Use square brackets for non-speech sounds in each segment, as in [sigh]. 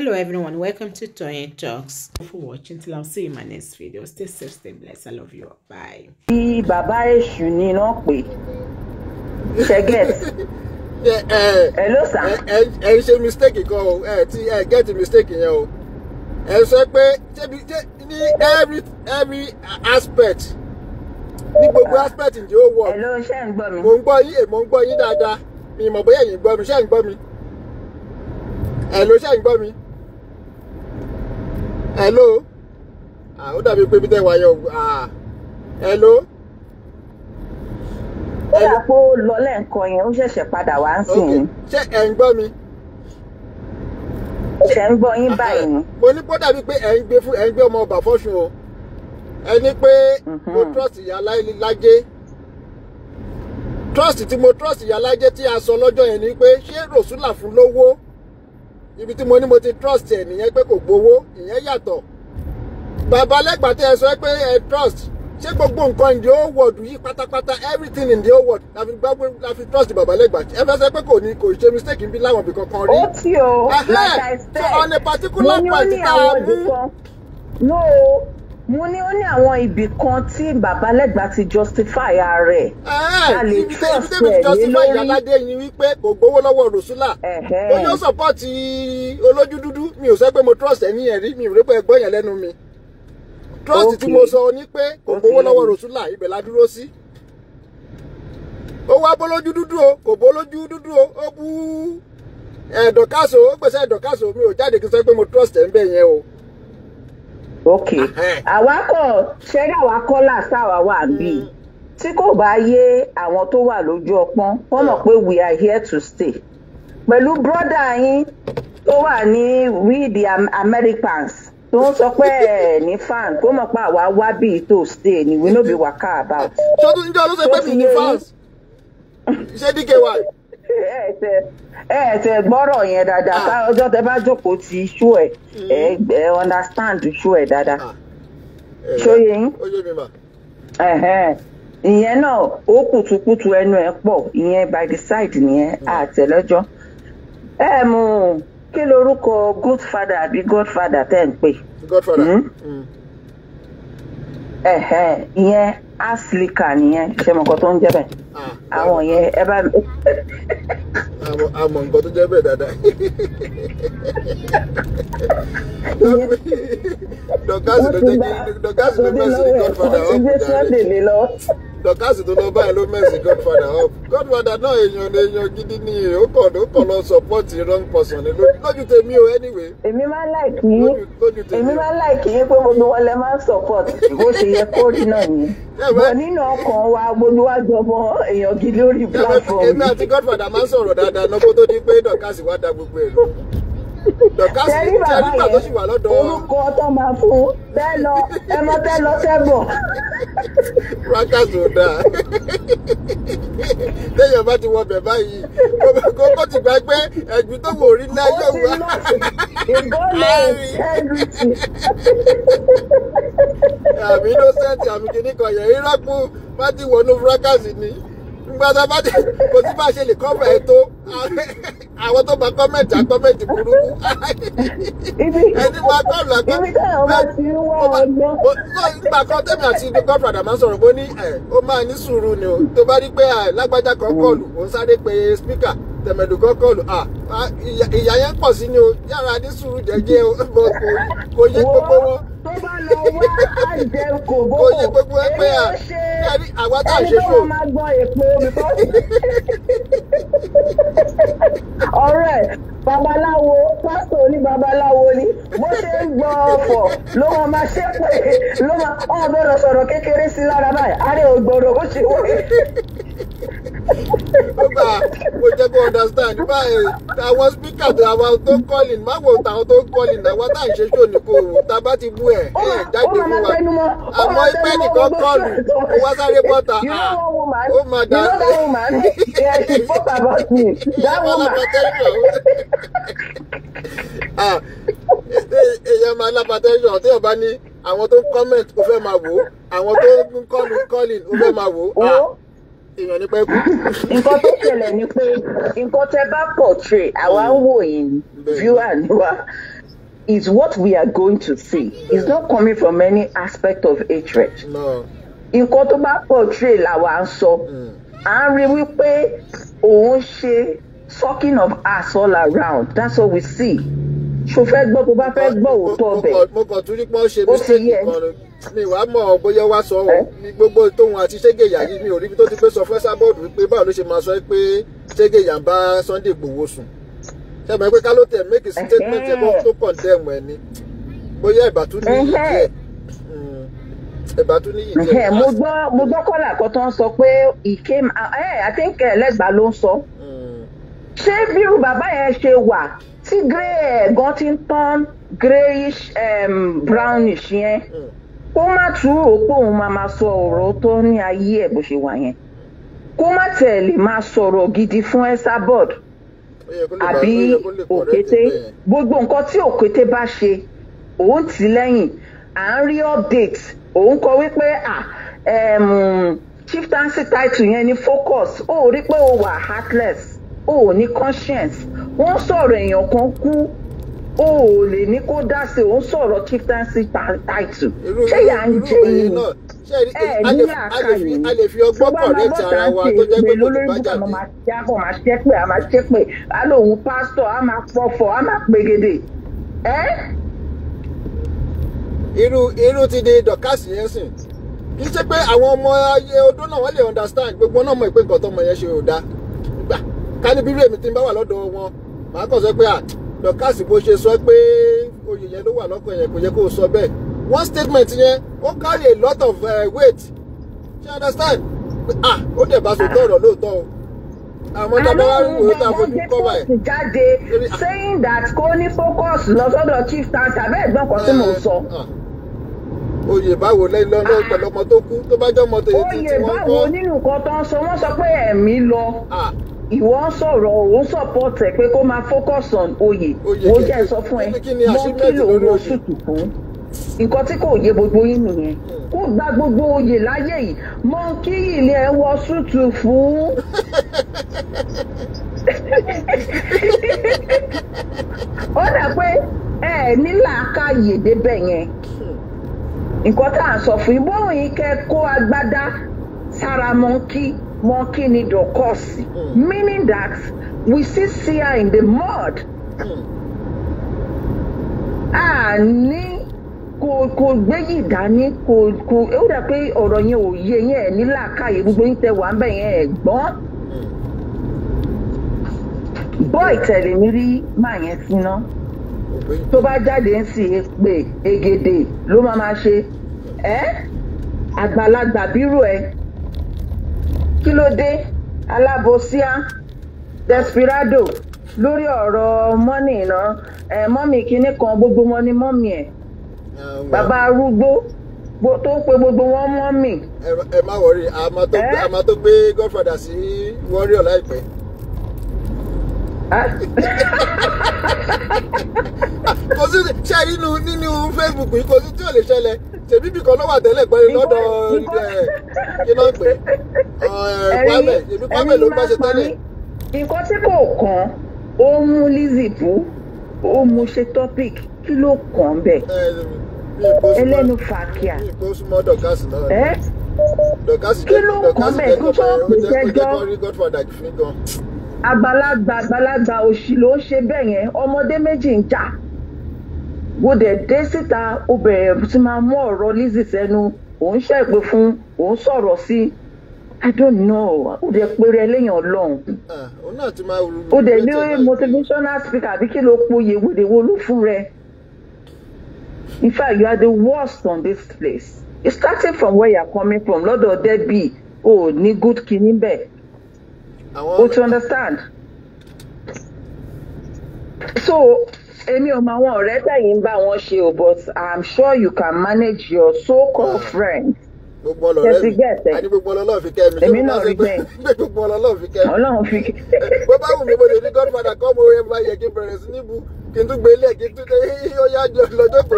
hello everyone welcome to Toyeen Talks Thank you for watching till I see you in my next video stay safe stay blessed i love you all. bye. bí bàbá èṣù ni iná pè ṣe get. hello sir. ẹ ẹ ṣe mistake kan o ẹ ti ẹ get the mistake yẹn o ẹ sọ pé ní every every aspect ní gbogbo aspect ǹjẹ́ ó wọ̀. hello ṣé ń gbọ́ mi. mo ń gbọ́ yín èmo ń gbọ́ yín dáadáa mi ìmọ̀ bóyá ẹ̀yin gbọ́ mi ṣé ń gbọ́ mi. hello ṣé ń gbọ́ mi hello ah, ó dàbí pé bíi tẹ́wàá yọ ah, hello. ó yà pé ó lọ lẹ́ẹ̀kan yẹn ó ṣẹ̀ṣẹ̀ padà wá ń sìn. ṣé ẹ̀ ń gbọ́ mi. ṣe ń gbọ́ yín báyìí. mo ní kó dàbí pé ẹ̀ ń gbé fún ẹ̀ ń gbé ọmọ ọba fọ́sùn o ẹ ní pé mhm. mo trust ìyá lájẹ́ trust tí mo trust ìyá lájẹ́ tí a sọ lọ́jọ́ yẹn ni pé ṣé rosula fún lówó ibi tí mo ní mo ti trust ẹ̀ nìyẹn pé kò gbowó ìyẹn yàtọ̀ bàbá lẹ́gbàá tẹ́ ẹ sọ pé ẹ trust ṣé gbogbo nǹkan in the whole world yìí pátápátá everything in the whole world la fi gbàgbé la fi trust bàbá lẹ́gbàá ẹ fẹ́ sọ pé kò ní kò ṣe mistake nbí láwọn ibì kankan rí. ó ti o like I said mo ní ó ní àwọn ibì no mo ní ó ní àwọn ibì kan tí babalẹ́gbà ti justify ara ẹ̀. ẹ ti fi tẹ́lifí justify ìyáládé yín wípé kò gbowó lọ́wọ́ rosula ó yóò sọ́pọ́ọ̀tì olójú dúdú mi ò sọ pé mo trust ẹ̀mí ẹ̀rí mi ò rí pé ẹgbọ́n yẹn lẹ́nu mi trust tí mo sọ ni pé kò gbowó lọ́wọ́ rosula ibẹ̀ la dúró sí ó wá bólójú dúdú o kò bólójú dúdú o ó bú ẹ̀dọ̀kásò ó gbèsè ẹ̀dọ̀kásò mi ò jáde kí n sọ pé mo trust ẹ̀ ń bẹ̀ yẹn o ok àwakọ̀ ṣẹ́rí àwakọ̀ làṣà wa wà bí hmm. tí kò bá yé àwọn tó wà lójú ọpọ́n wọ́n mọ̀ hmm. pé we are here to stay pẹ̀lú brọ́dà yín tó wà ní we the Americans tó ń sọ pé ẹ ní fan kó mọ̀ pé àwa wá bí to stay ni we no be waka about. ṣé ọdún ìjọ ló ṣe pé mi ní fans ṣé dky. ẹ ṣe gbọ́rọ̀ yẹn dáadáa ah. ká ọjọ́ tẹ bá jókòó ti ṣú ẹ̀ mm. ẹ understand ṣú ẹ̀ dáadáa ah. ṣóyè yín ìyẹn náà ó kùtùkùtù ẹnu ẹ̀ pọ̀ ìyẹn by the side nìyẹn àtẹ̀lẹ́jọ́ mm. ẹ mú kí lorúkọ godfather àbí father tẹ́ ń aslika nìyẹn ṣe mọ̀ nǹkan tó ń jẹ́ bẹ́ẹ̀ ah, ah. àwọn yẹn ẹ bá mi. àmọ́ nǹkan tó jẹ́ bẹ́ẹ̀ dáadáa. dọ̀kásì ló jẹ́ kí dọ̀kásì ló mẹ́sìn ní godfather ọ̀pọ̀ jàre dọkasi tó lọ báyìí ló mẹsì godfather up godfather náà èèyàn èèyàn gidi ni ó kọ ó kọ lọ support wrong person ni lójú tèmi o anyway. èmi máa ń láìkì yín èmi máa ń láìkì yín pé gbogbo wọn lè máa ń support bó ṣe yẹ kórì náà ni bọ nínú ọkàn wa gbogbo wa jọmọ èèyàn gidi lórí platform. èmi àti godfather máa ń sọ̀rọ̀ dáadáa náà kó tó di pé dọkasi wá da gbogbo ẹ̀ lọ tẹ̀rí bàbá yẹn orúkọ tó máa fún tẹ́ lọ ẹ mọ tẹ́ lọ sẹ́bọ̀. rákàtì ò dáa téèyàn bá ti wọ bẹ̀ báyìí kó kó ti gbà pé ẹ̀jú tó wò rí náà yóò wá. ìgbọ́lẹ̀ integrity. àmì ló sẹ́ẹ̀tì àmì kìnnìkan yẹn irọ́ kú bá ti wọnú fúrákàsì ni gbọ́dọ̀ bá dé kò sí bá ṣe lè kọ́fà ẹ̀ tó àwọn tó bá kọ́mẹ̀tì àkọ́mẹ̀tì burúkú ẹni máa kọ́ọ̀lù àkọ́ nígbà kan tẹ́mi àti ibi kọ́fà àdàmà sọ̀rọ̀ pé ní ẹ̀ ó máa ní sùúrù ni o tó bá rí pé lágbájá kan kọ́ọ̀lù ó ń sáré pe spíkà tẹ̀mẹ̀dù kan kọ́ọ̀lù ìyá yẹn pọ̀ sí ni o yára ní sùúrù jẹ́jẹ́ o [laughs] kò yé gbogbo wọn kò yé gbogbo wọn pé à ẹni tó wà máa gbọ́ èpo ọ̀rẹ́ babaláwo pásítọ̀ ní babaláwo ni bó ṣe ń gbọ́ ọ̀fọ̀ ló máa máa ṣe pé ló máa ọ̀ bẹ̀rẹ̀ sọ̀rọ̀ kékeré sí lára báyìí àárẹ̀ ògbọ̀rọ̀ ó ṣe wọlé nígbà mo jẹ́ kó understand báyìí eh, àwọn spíkà àwọn tó ń calling má wo àwọn tó ń calling àwọn tá à ń ṣe ṣò ní kò tá a bá ti mú ẹ̀ ẹ̀ jáde fún wa àmọ́ ẹgbẹ́ nìkan kọlù wa bá sáré bọ́ta. you know one woman oh, you know that woman yeah, she spoke about me that woman. [laughs] Ah, máa lápá tẹ́sán tí yóò bá ní àwọn tó ń comment over my máa I want to tó calling over my máa Oh. ó ah, èèyàn ní pẹ́ kú. nǹkan tó ṣẹlẹ̀ ni pé nǹkan is what we are going to see. It's not coming from any aspect of hatred. No nǹkan tó bá portray làwa ń sọ hmm. à ń rí wípé òun ṣe sucking of ass all around that's all we see ṣo fẹ́ gbọ́ bó bá fẹ́ gbọ́ òótọ́ ọbẹ̀ mo kàn tún rí pé ó ṣe mistake kan mi wàá mọ̀ bóyá wá sọ ní gbogbo tóun àti ṣégeyà yìí mi ò rí ibi tó ti pé sọ fún sábọ́ọ̀dù wípé báwo ló ṣe máa sọ pé ṣégeyà ń bá Sunday Igboho sùn ṣe mọ̀ pé ká ló tẹ̀ make a statement ẹ̀ tó condemn ẹ̀ ni bóyá ìbátú ní ìdí ẹ̀ ẹ̀bá tún ní ìjẹ́. mo gbọ́ mo gbọ́ kọ́là kan tó ń sọ pé he came I think eh, lẹ́gbà ló ń sọ. Hmm. ṣé bírú bàbá yẹn ṣe wà tí grey ẹ̀ gan ti ń tán greyish brownish yẹn hmm. kó má tú òpó òun máa ma sọ ọ̀rọ̀ tó ní ayé ẹ̀ bó ṣe wà yẹn kó má tẹ̀ lè máa sọ̀rọ̀ gidi fún Esabod àbí òkété gbogbo nǹkan tí òkété bá ṣe òun tì lẹ́yìn à ń rí update òun kọ wípé ah chieftaincy title yẹn ni focus ó rí pé ó wà heartless ó ní conscience wọ́n sọ̀rọ̀ èèyàn kan kú o ò lè ní kó dá sí òun sọ̀rọ̀ chieftaincy title ṣé yà ń jẹ yìí ẹ ní àkàyè tó bá máa bọ́ tá à ń ṣe èpè lólórí bùkún ọmọ máa ṣe àpò máa ṣe pé a máa ṣe pé a lóun pásítọ̀ a máa fọfọ a máa pegede irú irú ti di dọ̀kásì yẹn sìn kì í ṣe pé àwọn ọmọ ọdún náà wọ́n lè understand gbogbo náà mọ̀ pé nǹkan tọmọ yẹn ṣe ò dáa gbà ká ní bírò ti ń bá wà lọ́dọ̀ wọn màá kàn sọ pé à dọ̀kásì bó ṣe sọ pé oyè yẹn ló wà lọ́kàn yẹn kò yẹ kó sọ bẹ́ẹ̀ one statement yẹn ó carry a lot of uh, weight you understand ah ó dẹ̀ bá sòtọ́ ọ̀rọ̀ lóòótọ́ o àwọn tábà wà wò ó táwọn fojú kọ́ báyìí. jáde saying that kò ní focus lọ sọ́dọ̀ chief tansa bẹ́ẹ̀ gbọ́n kan tí mo sọ. Ah, ah oyè báwo lẹ́yìn lọ́nà ah. ọ̀pọ̀lọpọ̀ tó kú tó bá jọ́ ọmọ tó yẹ ti tí wọ́n kọ́. oyè báwo nínú nǹkan tó ń sọ wọ́n sọ pé ah. ẹ̀mí lọ ah. ìwọ sọ̀rọ̀ òun sọ̀pọ̀tẹ̀ pé kó máa focus on oyè wo jẹ́ sọ fún ẹ mọ́ kí lòun oṣù tù fún nǹkan tí kò yé gbogbo yín nìyẹn hmm. kó gba gbogbo oyè láyé yìí mọ kí ilé ẹ wọ sútù fún. [laughs] ó dà pé ẹ ní làákàyè débẹ̀ yẹn. Hmm nǹkan tá à ń sọ fún yín bóun yìí kẹ́ kó agbádá sára mọ́ńkì mọ́ńkì ni dọ̀kọ́ọ̀sì mm. meaning that we still see her in the mud. Mm. a ní kò kò gbéyì dání kò kò ó dà pé ọ̀rọ̀ yẹn ò yé yẹn ẹ̀ ní làákàyè gbogbo yín tẹ wà ń bẹ̀ yẹn ẹ̀ gbọ́n. Mm. bọ́ ìtẹ̀lẹ̀mí rí màá yẹn síná tó bá jáde ń sì pè egede ló máa máa ṣe ẹ́ àgbàlagbà bírò ẹ kí ló dé alábòsíà desperado lórí ọ̀rọ̀ mọ́nì iná mọ́mì kínní kan gbogbo wọn ni mọ́mì ẹ̀ ah, bàbá arúgbó tó ń pe gbogbo wọn mọ́mì. ẹ má wọrí àmọ́ tó gbé godfather sí wọ́n rí kò sí ṣe nínú nínú Facebook yìí kò sí tí ò lè ṣẹlẹ̀ ṣèbí bìkan lọ́wọ́ àtẹ́lẹ̀ pẹ̀lú lọ́dọ̀ eh, eh, iná pé Kwame ṣèbí Kwame ló ń bá ṣe tẹ́lẹ̀. nǹkan tí kò kàn ó mú Lizzie ó mú ṣe topic kí ló kàn bẹ́ẹ̀ eh, ẹlẹ́nu fàkíà. kí ló kàn bẹ́ẹ̀ kó tó pèsè jọ àgbàlagbà àgbàlagbà òṣì ló ṣe bẹ́ẹ̀ yẹn ọmọdé méjì ń jà wo dẹ̀ dé síta ó bẹ̀rẹ̀ sí máa mú ọ̀rọ̀ Lizzy sẹ́nu òun ṣẹ́ẹ̀pẹ́ fún òun sọ̀rọ̀ sí I don't know ó dẹ̀ péré ẹlẹ́yìn ọlọ́run ah, ó dẹ̀ ní motivational speaker àbí kí ló poyè wèdèwò ló fún rẹ in fact you are the worst on this place it's starting from where you are coming from lọ́dọ̀ debi o ní good kinní bẹ́ẹ̀ o ti understand so èmi ò mọ àwọn ọ̀rẹ́ tẹ̀yìn bá wọn but i'm sure you can manage your so-called friends gbogbo ọlọrẹ mi àní gbogbo ọlọrọ fi kẹ́ mi ṣé mo máa ṣe pé gbogbo ọlọrọ fi kẹ́ mi Ọlọ́run fi kẹ́ mi. bó bá wù mí mo lè ní godfather kọ́ mo yẹ bá yẹ kí n bẹ̀rẹ̀ sí níbu kí n tún gbé ilé kí n tún dé ó yá jọ lọ́jọ́ kó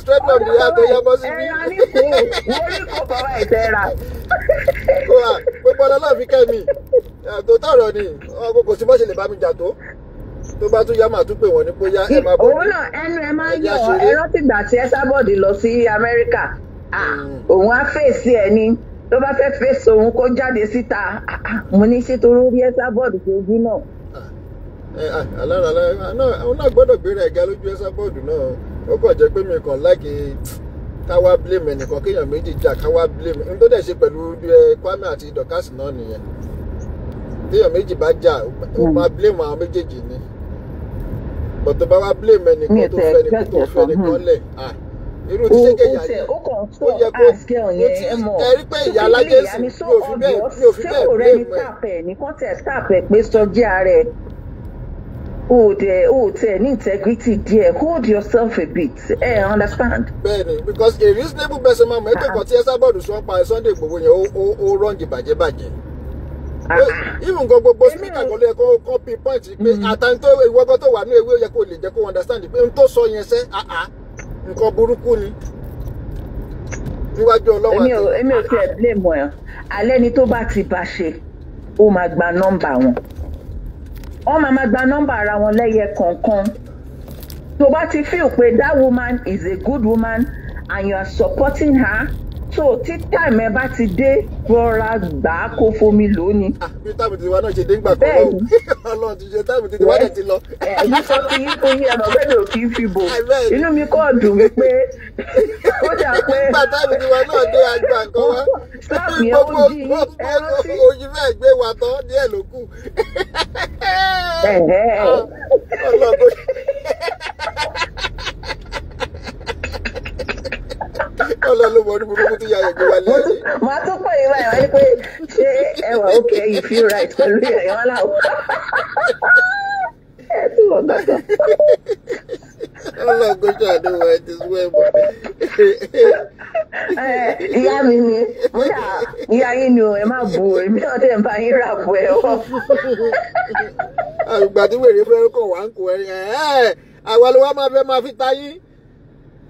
straight from the àtọ̀ yá bọ́ sí mi. ẹ̀rọ ní kò wọlé kò bàbá ẹ̀sẹ̀ rà. gbogbo ọlọrọ fi kẹ́ mi tó tọrọ ni kò sí mọ́ṣẹ́ lè bá mi jà tó tó bá tún yá máa tún pè wọ́n ní bóyá ẹ máa bọ̀ ọ́ ẹ yá ṣeré. òun náà ẹnu ẹ máa ń yọ ẹ rántí gbà tí ẹ sábọ̀dì lọ sí Amẹ́ríkà Ah. òun á fèsì ẹ ni tó bá fẹ́ fèsì òun kó jáde síta ah, ah, mo ní ṣètò orí ẹ̀sà bọ́ọ̀dù fojú náà. Eh, alára náà àwọn náà gbọ́dọ̀ gbéra ẹ̀ga lójú ẹ̀sà bọ́ọ̀dù náà ó kàn jẹ́ pé mi kàn láàkì káwá blame ẹnìkan kéèyàn méjì jà káwá blame n tó dẹ̀ ṣe pẹ̀lú eh, Kwame àti Dorcas náà nìyẹn téèyàn méjì bá jà ó máa blame àwọn méjèèjì ni bọ̀tọ̀ bá wá blame ẹnìkan tó fẹ́ ẹnìkan tó fẹ́ ẹnìkan lẹ̀ irú tí ṣéke yà yẹ ó yẹ kó ó ti ẹrí pé ìyá alájẹsì mi ò fi bẹ́ẹ̀ mi ò fi bẹ́ẹ̀ pé pẹ́. ní kọ́ńtẹ̀ tàpẹ̀ pé sọjí ààrẹ o tẹ o tẹ ní integrity díẹ̀ hold yourself a bit ẹ eh, understand. bẹ́ẹ̀ni because a reasonable person máa mọ ẹgbẹ́ ah. kan tí ẹ sábọọdù sọ pa Sunday Igboho yẹn ó ó rọǹdì bàjẹ́bàjẹ́ ah. even gan gbogbo speaker kan ló yẹ kó kó pinpoint pé mm. àtàntó ìwọ́gọ́ tó wà ní ewé ó yẹ kó lè jẹ́ kó understand pé n tó sọ yẹn sẹ́ ah ah nǹkan burúkú ni níwájú ọlọ́wọ́ àti. èmi ò tiẹ̀ blame ẹ̀ alẹ́ ni tó bá ti bá ṣe ó máa gba nọ́mbà wọn wọ́n máa máa gba nọ́mbà ara wọn lẹ́yẹ kọ̀ọ̀kan tó bá ti feel pé that woman is a good woman and you are supporting her so tí táìmù ẹ bá ti dé rọra gbà á kó fomi lónìí. Ah, bí táìmù tiwa náà ṣe dé ńgbà kan lọ [laughs] Ọlọ́run ti ṣe táìmù tiwa náà ti lọ. ẹ̀mí sọ pé yípo yí ẹ̀rọ bẹ́ẹ̀ ò kì í fi bò inú mi kọ́ dùn mí pé [laughs] ó dà pé. nígbà táìmù tiwa náà dé àgbà kan wá. sáàpù yẹn ó di ẹran sí. oyin fẹ́ gbé wa tán díẹ̀ ló kù. [laughs] Ah, Ọlọ́run tó ọlọ́run ló mọ orí burúkú tó yà yẹn gbé wálé ayé. màá tún pọ̀ yín báyìí wọ́n ní pé ṣé ẹwà òkè you feel right pẹ̀lú ẹ̀yàn aláwọ̀. ẹ tún wọ̀ gbàgbọ́. ọlọ́run kò ṣàdéhùn ẹ ti sún ẹ̀ mọ́. ìyá mi ni mo dà ah, ìyá yín ni o ẹ má bu èmi náà tẹ̀ ń bá yín rà bu ẹ̀ wọ́. àgbà tí wèrè fẹ́ kọ̀ wá ń kó ẹ àwa ló wá máa fẹ́ máa fi ta yín.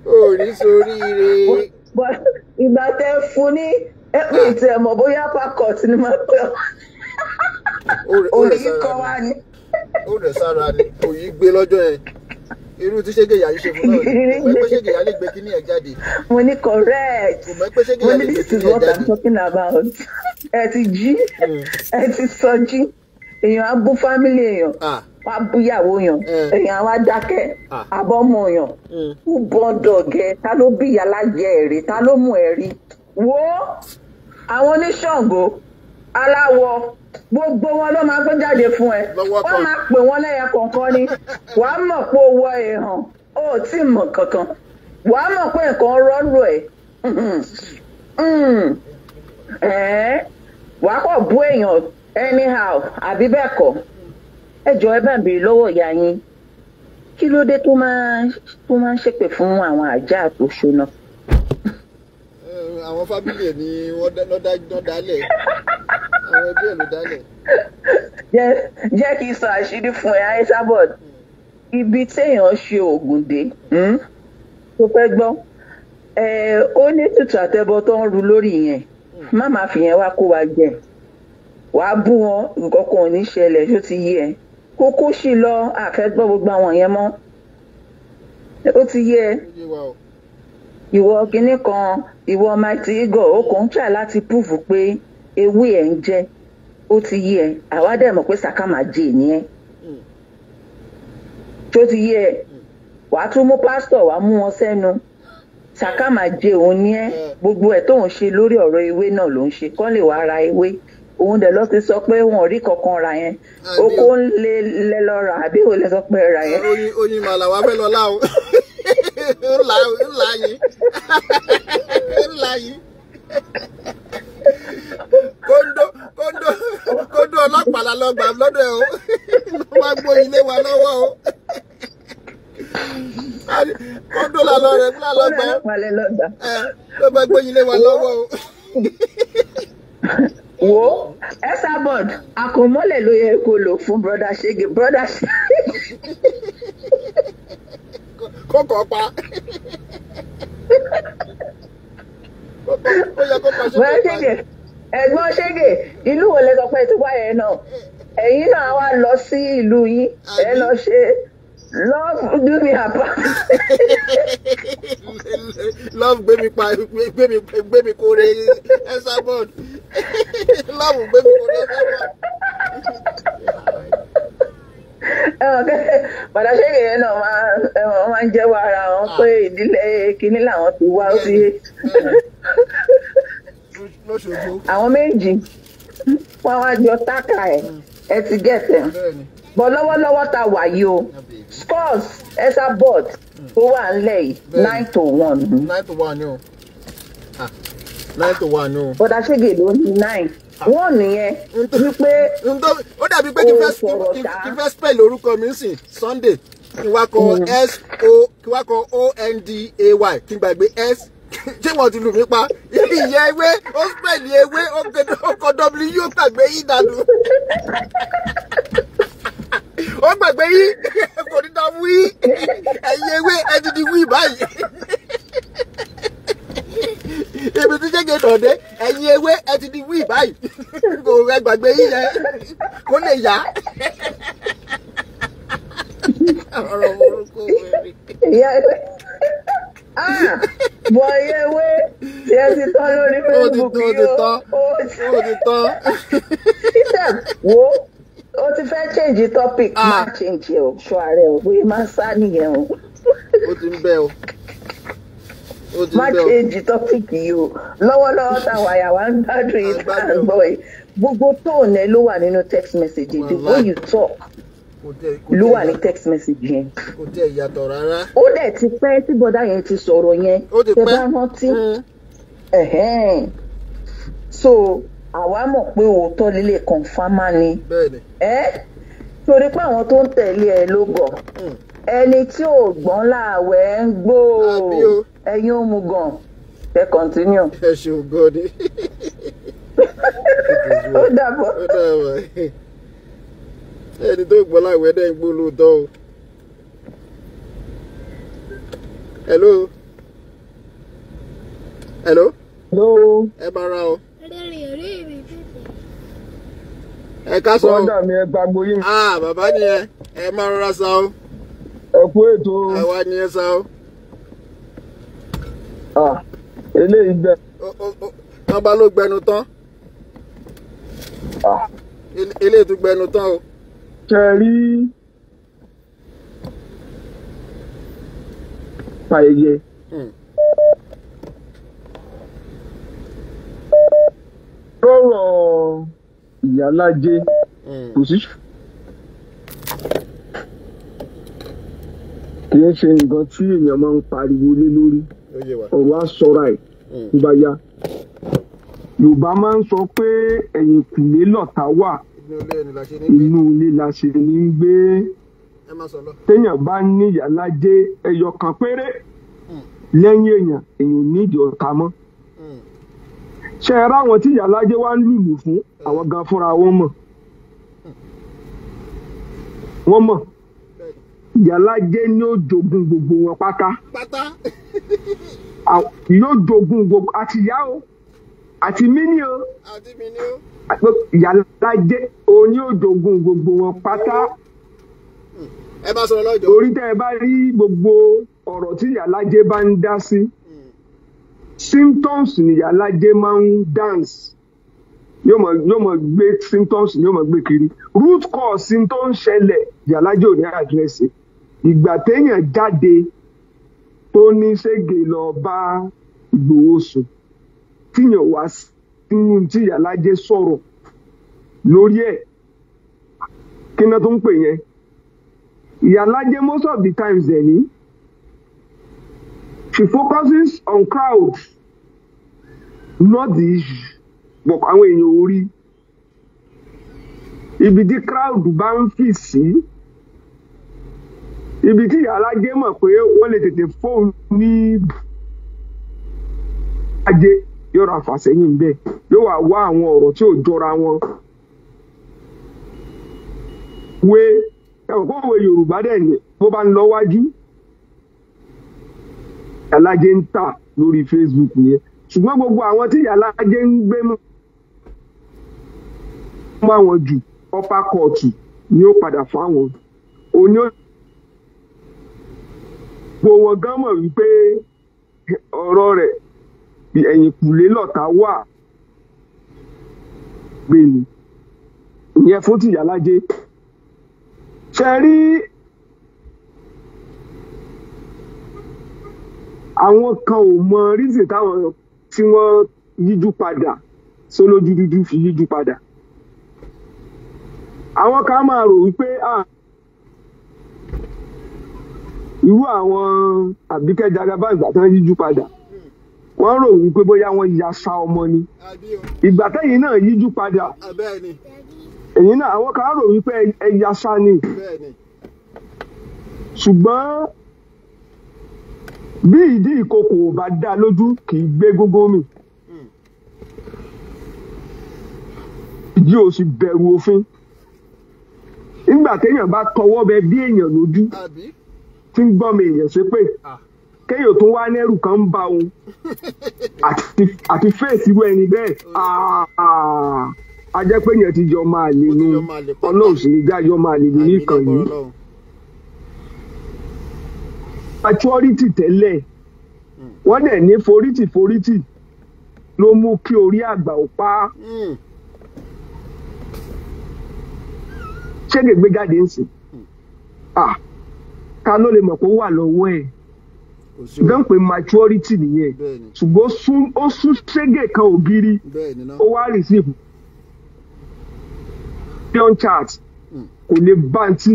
Oríṣiríire ìgbà tẹ fún ní ẹ̀pẹ̀ tí ẹ mọ̀ bóyá pakọ̀t ni máa pẹ́ ọ́ òyì kọ́ wá ni. ó rẹ̀ sára ni òyì gbé lọ́jọ́ yẹn irú tí ṣégeyà yìí ṣe fún náà ni kò mọ̀ pé ṣégeyà lè gbé kíní ẹ̀ jáde. mo ní correct kò mọ̀ this is what i'm talking about ẹ ti jí hmm. ẹ ti sọ jí èèyàn á bú fámílì èèyàn. Ah wá bíyàwó yàn mm. èèyàn wá dákẹ́ abọ́mọ ah. yàn mm. who born dog ẹ ta ló bíyà láyé ẹ̀rí ta ló mú ẹ̀rí wo àwọn oníṣàngó aláwọ gbogbo wọn ló máa kó jáde fún ẹ wọn máa pè wọn lẹ́yìn kọ̀ọ̀kan ni wàá mọ̀ pé o wọ èèhàn o ò tí ì mọ̀ kankan wàá mọ̀ pé nǹkan rọ́rù hmm. hmm. ẹ̀ wàá kọ̀ bú èèyàn anyhow àbí bẹ́ẹ̀ kọ́ ẹ jọ ẹ bá ń béèrè lọ́wọ́ ìyá yín kí ló dé tó máa tó máa ń ṣépè fún àwọn àjá tó ṣoná. Eh, àwọn fábílì ẹ̀ ni wọ́n dálẹ̀ àwọn ẹbí ẹ̀ ló dálẹ̀. jẹ́ kí n sọ àṣírí fún ẹ aisabod ibi téèyàn ṣe oògùn dé tó hmm? fẹ́ gbọ́ ó ní tutù àtẹbọ tó ń ru lórí yẹn má máa fi yẹn wá kó wa jẹ wàá bú wọn nǹkan kan ò ní ṣẹlẹ̀ ṣó ti yé ẹ kókó sì lọ àfẹ́gbọ́ gbogbo àwọn yẹn mọ́ ó ti yẹ ìwọ kinní kan ìwọ mighty eagle ó kàn ń try láti púùfù pé ewé ẹ̀ ń jẹ́ ó ti yẹ àwa dẹ̀ mọ̀ pé sàkàmàjì nìyẹn tó ti yẹ hmm. wàá tún mú pásítọ̀ wàá mú wọn sẹ́nu sàkàmàjì òun ni ẹ hmm. gbogbo ẹ̀ tóun ṣe lórí ọ̀rọ̀ ewé náà ló ń ṣe kán lè wàá ra ewé òun dẹ̀ ló ti sọ pé wọn ò rí kankan rà yẹn oko ń lé lẹ lọ rà àbí ò lè sọ pé rà yẹn. oyin oyin màlà wàá fẹ́ lọ láwọn ńlá ńlá yín ńlá yín kóńdó kóńdó kóńdó ọlọ́pàá la lọ gbà lọ́dọ̀ ẹ̀ o wọ́n á gbóyin lé wa lọ́wọ́ o kóńdó la lọ rẹ̀ fúlà lọ́gbà ẹ̀ ló bá gbóyin lé wa lọ́wọ́ o wo Esabod àkòmọ́lẹ̀ ló yẹ kó lò fún broda Ṣege broda Ṣege. kókò pa ó yẹ kókò Ṣege pa ẹ̀gbọ́n Ṣege ìlú wo lẹ sọ pé tó bá yẹn náà ẹ̀yin náà wá lọ sí ìlú yín ẹ lọ ṣe love do me apart. [laughs] love gbé mi pa gbé mi gbé mi kóre Esabod [laughs] love gbé mi kóre Esabod. padà ṣe èèyàn náà máa máa ń jẹ́wọ́ ara wọn pé ah. ìdílé kínní làwọn ti wá ó ti yé. àwọn méjì wọn wá jọ tákà ẹ ẹ ti gẹ̀ẹ́sẹ̀. But lọ́wọ́lọ́wọ́ tá wà yìí o scores Esabod tó wà ńlẹ̀ yìí nine to one. nine to one ni ah, nine to one ni o. bọ̀dà ṣègè ló ní nine ah. wọ́n nìyẹn wípé ó dàbí pé kí n fẹ́ spell orúkọ mi sìn Sunday kí wá kọ mm. s o kí wá kọ o n d a y kí n gbàgbé s ṣé wọn ti lù mí pa ibi ìyẹn ewé ó spell ewé ó kọ w ó gbàgbé yìí e dànù. [laughs] wọ́n gbàgbé yí [laughs] kò ní ta wí ẹ̀yẹ ewé ẹni ti wí báyìí ibi tí jẹ́gẹ̀ dọ̀dẹ́ ẹ̀yìn ewé ẹ ti di wí báyìí [laughs] [laughs] kò rẹ gbàgbé yín yẹn kó lè yá. ìyá ewé ah, bọ̀ ìyá ewé ìyá ti tán lórí Facebook yìí o ó ti tán. wo o ti fẹ́ change topic má ah. change o ṣọ ààrẹ o bóyá má sá nìyẹn o. ó ti ń bẹ o. má change topic yìí o lọ́wọ́lọ́wọ́ tá a wà yà wá ń gbádùn yìí tá a gbọ́ yìí gbogbo tóun ẹ ló wà nínú text message the way you talk ló wà ní text message yẹn. kò tẹ ìyàtọ̀ rárá. ó dẹ̀ ti pẹ́ tí bọ́dá yẹn ti sọ̀rọ̀ yẹn. ó tẹ bá rántí. Mm. so àwa mọ̀ pé òótọ́ lílé kọ̀ǹfàmà ni ẹ́ torí pé àwọn tó ń tẹ̀lé ẹ ló gọ̀ hmm. ẹni tí ò gbọ́n láàwẹ̀ ń gbó ẹ̀yin ó mu gàn ẹ kọ́ntínú. ẹ ṣeun gan ni. [laughs] ó dàbọ̀. ó dàbọ̀ ẹni tó gbọ́n láàwẹ̀ dẹ́ ń gbó lóòótọ́ o. hello. hello. hello. ẹ bá ra o ẹ ká sọ ah bàbá ni ẹ ẹ máa rọra sa o ẹ kú ètò ẹ wá ni ẹ sa o. eléyìí gbẹ. wọ́n bá ló gbẹnu tán eléyìí tó gbẹnu tán o. ṣe rí fàyè. Hmm. lọ́rọ̀ ìyálájé hmm. kò sí si. ṣe nǹkan tí èèyàn máa ń pariwo lé lórí ọ̀rọ̀ àsọ̀ra ẹ̀ hmm. tó bá yá yorùbá máa ń sọ pé ẹ̀yìn kùlé lọ̀tá wà inú ilé la ṣe ní gbé téèyàn bá ní ẹyọ kan péré hmm. lẹ́yìn èèyàn èèyàn ò ní ìdí ṣe ẹ ráwọn tí ìyálájẹ wá ń lùlù fún àwọn gan fúnra wọn mọ̀ wọn mọ̀ ìyálájẹ ni ó jogun gbogbo wọn pátá yóò jogun gbogbo àti ìyá o àti mímí o ìyálájẹ òní ó jogun gbogbo wọn pátá orí tẹ ẹ bá rí gbogbo ọ̀rọ̀ tí ìyálájẹ bá ń dá sí. Si symptoms ni aládé máa ń dance yóò mọ yóò mọ gbé symptoms yóò mọ gbé kiri root cause tó ń ṣẹlẹ̀ yàlájẹ́ òní àdírẹ́sì ìgbà téèyàn jáde tó ní ṣége lọ bá Ìgbòho sùn tíyàn wá sínú tí yàlájẹ́ sọ̀rọ̀ lórí ẹ̀ kí náà tó ń pè yẹn yàlájẹ́ most of the times ẹ̀ ní she focuses on crowds. not the issue but àwọn èèyàn orí ibi tí crowd bá ń fì sí ibi tí ìyálájẹ mọ̀ pé wọ́n lè tètè fóun ní ajé yóò ra fàsẹ́yìn bẹ́ẹ̀ yóò wá wá àwọn ọ̀rọ̀ tí ò jọra wọn wé ẹ̀kọ́ òwe Yorùbá dẹ̀ ní bó bá ń lọ wájú ìyálájé ń tà lórí Facebook yẹn ṣùgbọ́n gbogbo àwọn tí ìyálájé ń gbé mú àwọn jù ọpá kóòtù ni ó padà fáwọn òní ó gbogbo wọn gan mọ̀ wípé ọ̀rọ̀ rẹ̀ ẹ̀yìnkùlé lọ́ta wà gbé ni ìyẹn fún tìyálájé ṣe rí àwọn kan ò mọ reason táwọn tí wọ́n yíjú padà sólójú dúdú fi yíjú padà àwọn kan máa rò wípé irú àwọn Àbíkẹ́ Jagaban ìgbà tán yíjú padà wọ́n rò wípé bóyá wọ́n ya sa ọmọ ni ìgbà tẹ́yìn náà yíjú padà èyí náà àwọn kan rò wípé ẹ̀yà sa ni ṣùgbọ́n bí ìdí ìkòkò ò bá dá lójú kì í gbé gógó mì ìdí ò sì bẹ̀rù òfin nígbà téèyàn bá tọwọ́ bẹ bí èèyàn lójú tí ń gbọ́mọ èèyàn ṣépè kéèyàn tó wá lẹ́rù kan ń ba òun [laughs] àti fèsì irú ẹni bẹ́ẹ̀ mm. a jẹ́ pé èèyàn ti jọ máa lè nu ọlọ́run sì ní já yọ máa lè nínú ìkànnì maturity tẹ́lẹ̀ wọ́n dẹ̀ ní forítì forítì ló mú kí orí àgbà ó pa á. Hmm. ṣége gbé jáde ń sìn ká hmm. ló lè mọ̀ pé ó wà lọ́wọ́ ẹ̀ bẹ́ẹ̀ pé maturity nìyẹn ṣùgbọ́n ó sún ṣége kan ògiri ó wá receive pion chart hmm. kò lè bá ti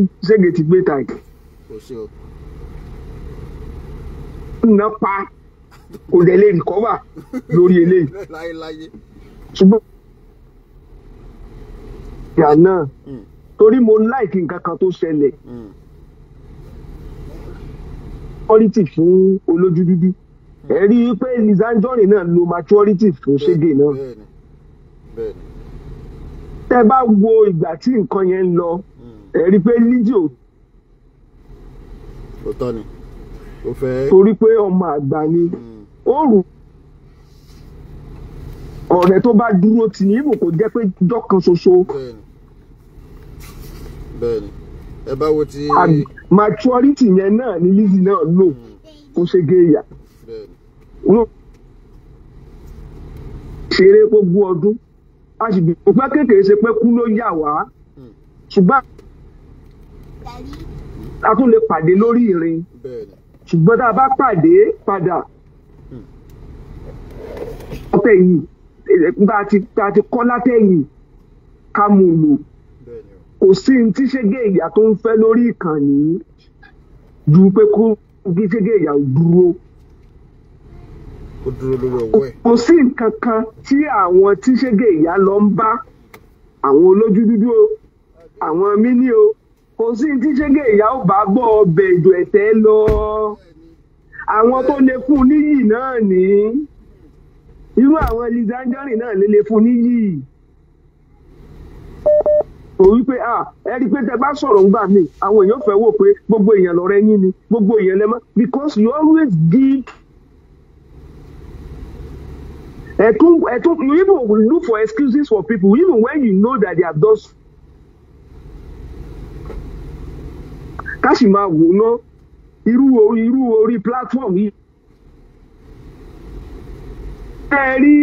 ti gbé tàgé ná pa kò dẹ̀ lè rìkọ́và lórí eléyìí ṣùgbọ́n ìyá náà hmm. torí mo láìkí nǹkan kan tó ṣẹlẹ̀ hmm. maturity fún olójú dúdú hmm. ẹ rí i pé Lizanjori náà lo maturity fún ṣége náà tẹ bá wo ìgbà tí nǹkan yẹn ń lọ ẹ rí i pé Lizzy ò. òótọ́ ni torí pé ọmọ àgbà ni hmm. ó rò ọ̀rẹ́ tó bá dúró tì ní ìbò kò jẹ́ pé jọ́ kan ṣoṣo. bẹ́ẹ̀ni ẹ bá wo ti. maturity yẹn náà ni Lizzy náà lò hmm. kó ṣe géèyà. ṣeré gbogbo ọdún a sì bìbò pé kékeré ṣe pé kú ló yà wá hmm. ṣùgbọ́n a tún lè pàdé lórí ìrìn. bẹ́ẹ̀ni ṣùgbọ́n tá a bá pàdé padà ọ̀tẹ̀yìn bá a ti kọ́ látẹ̀yìn ká mú un lò kò sí ní tí ṣégé ìyá tó ń fẹ́ lórí ìkànnì ju pé kó bí ṣégé ìyá ò dúró kò sí nǹkan kan tí àwọn tí ṣégé ìyá lọ ń bá àwọn olójú dúdú o àwọn míní o kò sí tíṣẹ́gẹ̀ ìyá bá gbọ́ ọbẹ̀ ìjọ ẹ̀tẹ́ lọ àwọn tó lè fún níyì náà ní irú àwọn elizangari náà lè lè fún níyì kò pé ah pé tẹ bá sọ̀rọ̀ ń gbà mí àwọn èèyàn fẹ́ wò pé gbogbo èèyàn lọ́rẹ́ yín ni gbogbo èèyàn lẹ́mọ́ because you always give ẹ̀tún ẹ̀tún you even look for excuses for people even when you know that they are those. ká sì máa wò ná irú irú orí platform yìí. ẹ rí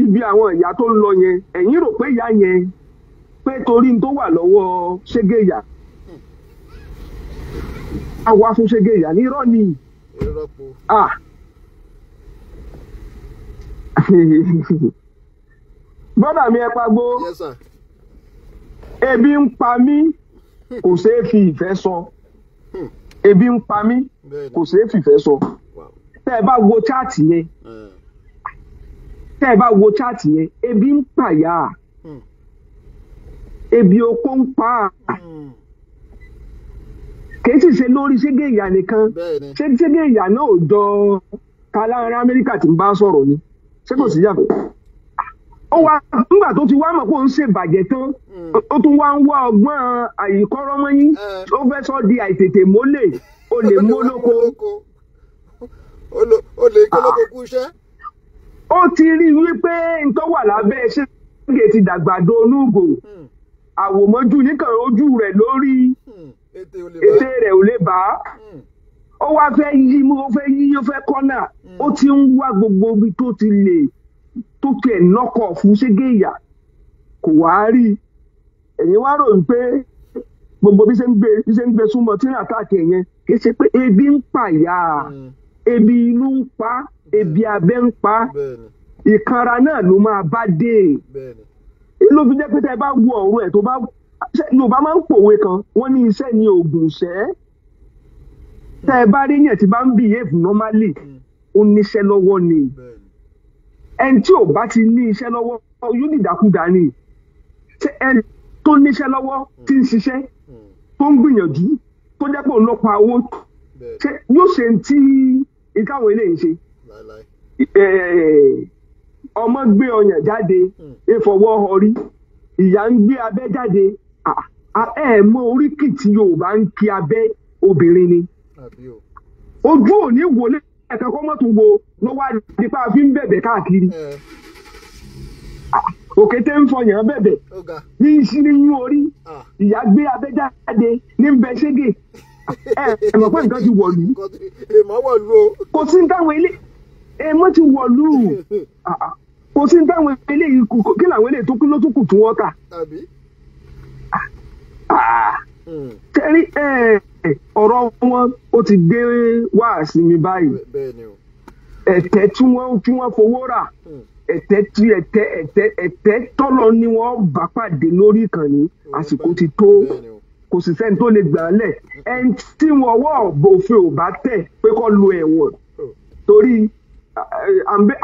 ibi àwọn ìyá tó ń lọ yẹn ẹ̀yin rò pé ìyá yẹn pé torí tó wà lọ́wọ́ ṣégeyà a wá fún ṣégeyà ní irọ́ ni ah [laughs] bọ́dà mi ẹ pagbó ebi ń pa mí kò ṣeé fi ìfẹ́ sọ. So ebi ń pa mí kò ṣeé fìfẹ́ sọ tẹ́ ẹ bá wo chaati yẹn tẹ́ ẹ bá wo chaati yẹn ebi ń pàyà hmm. ebi oko ń pa á hmm. kì í sì ṣe lórí ṣégé ìyá nìkan ṣégé ìyá náà ò jọ ká lára amẹ́ríkà tí ń bá sọ̀rọ̀ ni ṣé kò sí yàtọ̀. nígbà tó ti wá mọ̀ kó ń ṣèbàjẹ́ tán hmm. ó tún wá ń wá ọgbọ́n àyíkọ́rọ́mọ́yín hmm. ó fẹ́ sọ di àìtètè mólè olè [laughs] mólóko. olè kólókó ah. kú iṣẹ́. ó ti rí wípé ntọ́ wà lábẹ́ ti dàgbà do hmm. àwòmọ́jú nìkan ojú rẹ̀ lórí ètè rẹ̀ ti ń tó tiẹ̀ nọkọ̀ fún ségé ìyà kò wá rí i ẹ̀yin wá ròyìn pé gbogbo bí ṣe ń gbé bí ṣe ń gbé súnmọ́ tí náà káàkiri yẹn kì í ṣe pé ebi ń pàyà hmm. ebi inú ń pa ebi abẹ́ ń pa ìkanra náà ló máa bá dé ló fi jẹ́ pé tẹ́ ẹ bá wo ọ̀rọ̀ ẹ̀ tó bá yorùbá máa ń pòwe kan wọ́n ní iṣẹ́ ni oògùn ìṣẹ́ hmm. tẹ́ ẹ bá rí yẹn tí bá ń bìyẹ́fù normally hmm. ó níṣẹ́ lọ́wọ́ ni. Bẹ́ẹ̀ni ẹni tí ò bá ti ní iṣẹ́ lọ́wọ́ yóò ni ṣé ẹni tó níṣẹ́ lọ́wọ́ ti ń ṣiṣẹ́ tó ń gbìyànjú tó jẹ́ pé òun ló pa owó ṣé yóò ṣe ti ìkáwọn eléyìí ṣe ọmọ gbé ọyàn jáde hmm. ìfọwọ́ ọrí ìyá ń gbé abẹ́ jáde ẹ mọ oríkì tí Yorùbá ń kí abẹ́ obìnrin ni ojú òní wọlé ẹ̀kan kó mọ̀tún wo ló wá nípa fi ń bẹ̀bẹ̀ káàkiri ah, òkété ń fọyàn bẹ̀bẹ̀ ní ìṣíníyún orí ìyá gbé abẹ́jáde ní bẹ ségè [laughs] ẹ ẹ mọ̀ pé nǹkan ti wọ̀lú kò sí táwọn ilé èèmọ̀ ti wọ̀lú [laughs] ah, ah. kò sí táwọn eléyìí kí làwọn eléyìí tó kí ló tún kù tún wọ́n kà tẹ́rí eh, ọ̀rọ̀ wọn ó ti gbé wá sí mi báyìí ẹ̀tẹ́ tí wọ́n tí wọ́n fowó rà hmm. ẹ̀tẹ́ tí ẹ̀tẹ́ ẹ̀tẹ́ ẹ̀tẹ́ tọ́lọ̀ ni wọ́n bá pàdé lórí ìkànnì hmm, àsìkò ti tó kò sì sẹ́ni tó lè gbà á lẹ̀ ẹni tí wọ́n wọ́ òfin ò bá tẹ̀ pé kó lo ẹ̀wọ̀n hmm. torí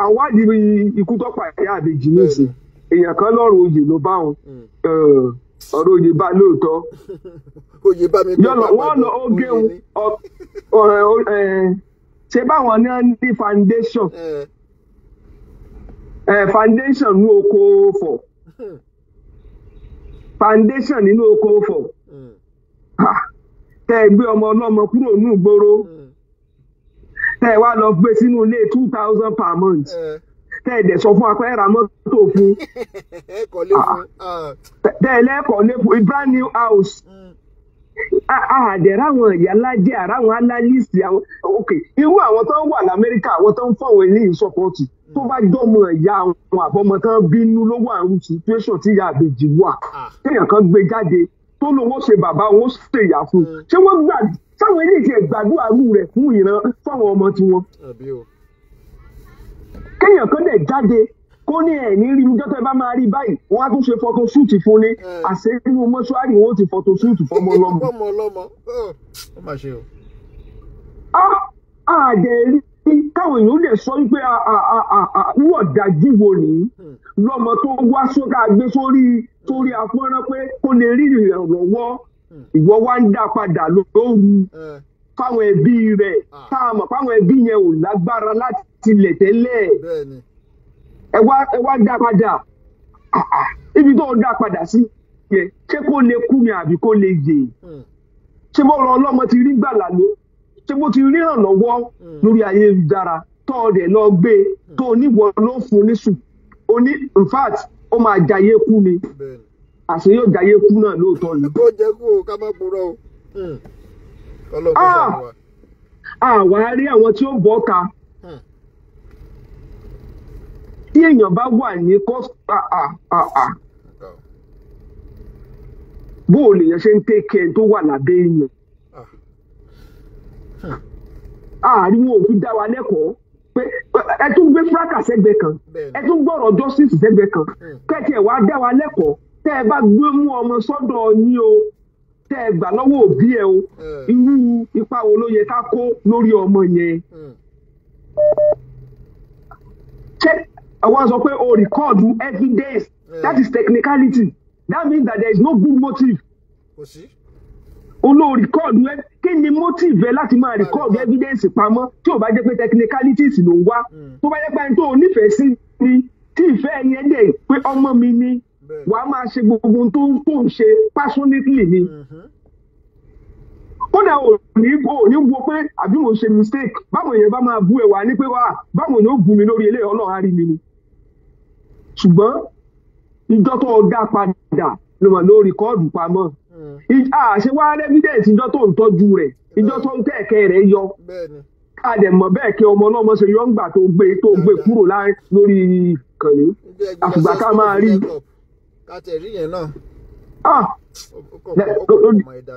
àwádìí ikú tó pa ìyá àbèjì nìsín èèyàn kan lọ́rùn oyè ló bá wọn eh, Ọrụ òyìnbá lóòótọ́ [laughs] yọ̀lọ̀ wọ́n lọ oge ṣe báwọn náà ní foundation foundation ní oko fọ̀ foundation nínú oko fọ̀ [laughs] tẹ́ ẹ gbé ọmọ ọlọ́mọ kúrò ní ìgboro tẹ́ ẹ wá lọ gbé sínú ilé two thousand per month. Uh. tẹ́ ẹ dẹ̀ sọ fún apẹ́ ra mọ́tò fún [laughs] ah. Ah. tẹ́ ẹ lẹ́kọ̀ọ́ lé brand new house àdẹ̀rẹ̀ mm. àwọn ìyálájẹ́ àràwọn alálìsì àwọn ok irú àwọn tó ń wà lamẹ́ríkà àwọn tó ń fọ̀wọ́n eléyìí sọ́pọ́ọ̀tì tó bá jọmọ ìyá àwọn àbọ̀mọ tán bínú ló wà ní situation tí ìyá àbèjì wà ah. téèyàn kan gbé jáde tó lówó ṣe bàbá wọn ṣe ìyá fún un mm. ṣé wọ́n gbà sáwọn eléyìí ti gbàdúrà rú rẹ̀ fún ìran fáwọn ọmọ tiwọn kéèyàn kan dẹ̀ jáde kó ní ẹ̀ ní rí níjọ́ tẹ́ bá máa rí báyìí wọ́n á tún ṣe fọtoṣúùtì fún ní eh. àṣẹ inú mọ́ṣúárì wọn ó ti fọtoṣúùtì fọmọ ọlọ́mọ. [laughs] fọmọ ọlọ́mọ oh, ó mà ṣe o. a dẹ̀ rí káwọn èèyàn lè sọ wípé wọ́n dájú wo nìyí lọ́mọ tó wá sókà gbé sórí sórí afọ́nrán pé kó lè rí ìrànlọ́wọ́ hmm. ìwọ wá ń dá padà lóru eh. fáwọn ẹbí rẹ̀ ah. táwọn ẹbí yẹn ò lágbára láti tilẹ̀ tẹ́lẹ̀ ẹ wá dá padà ibi tó dá padà sí yẹ ṣé kó lè kú ni àbí kó lè yè hmm. ṣé mo rọ ọlọ́mọ ti rí gbàlà ló ṣé mo ti rí ràn hmm. lórí ayélujára tó ọdẹ lọ gbé hmm. tó oníwọ ló fún ní sùn o ó máa jayé kú ni àṣẹ yóò jayé kú náà lóòótọ́ ni. jẹ o ká má purọ́ o. Ah! àwa ah, rí àwọn tí ó bọ́ tí èèyàn bá wà ní cost bó o lèèyàn ṣe ń tẹ́kẹ́ ẹni tó wà lábẹ́ èèyàn àárín wọn ò fi dá wa lẹ́kọ̀ọ́ pé ẹ tún gbé fúrákà sẹ́gbẹ́ kan ẹ tún gbọ́rọ̀ justice sẹ́gbẹ́ kan hmm. kẹ́tì ẹ̀ wá dá wa lẹ́kọ̀ọ́ tẹ́ ẹ bá gbé mú ọmọ sọ́dọ̀ yín o tẹ́ ẹ gbà lọ́wọ́ òbí ẹ o hmm. irú ipa wo ló yẹ ká kó lórí ọmọ yẹn hmm. àwọn sọ pé o record evidence eh. that is technicality that means that there is no good motive olóò record ẹ e- kí ni motive ẹ láti máa record evidence pamọ́ tí ò bá jẹ́ pé technicalities ló ń wá hmm. tó bá jẹ́ pé ẹni tó o nífẹ̀ẹ́ sí ni tí ìfẹ́ yẹn dẹ̀ pé ọmọ mi ni wà á máa ṣe gbogbo ohun tó ń tó ń ṣe passionately ni. Mm-hmm. kódà ò ní ò ní wo pé àbí mo ṣe mistake báwo èèyàn bá máa bú ẹ wà pé wà ah, báwo ni ó bú mi lórí eléyìí ọlọ́run á rí mi ni ṣùgbọ́n ìjọ tó dá padà ló mà ló rìkọ́ọ̀dù pamọ́ àṣẹ hmm. wá evidence ìjọ tó ń tọ́jú rẹ̀ ìjọ tó ń kẹ̀kẹ́ rẹ̀ yọ a dẹ̀ mọ̀ bẹ́ẹ̀ kí ọmọ ọlọ́mọ ṣe yọ ńgbà tó gbé tó gbé kúrò lórí ìkànnì àfùgbà ká máa rí. Ah!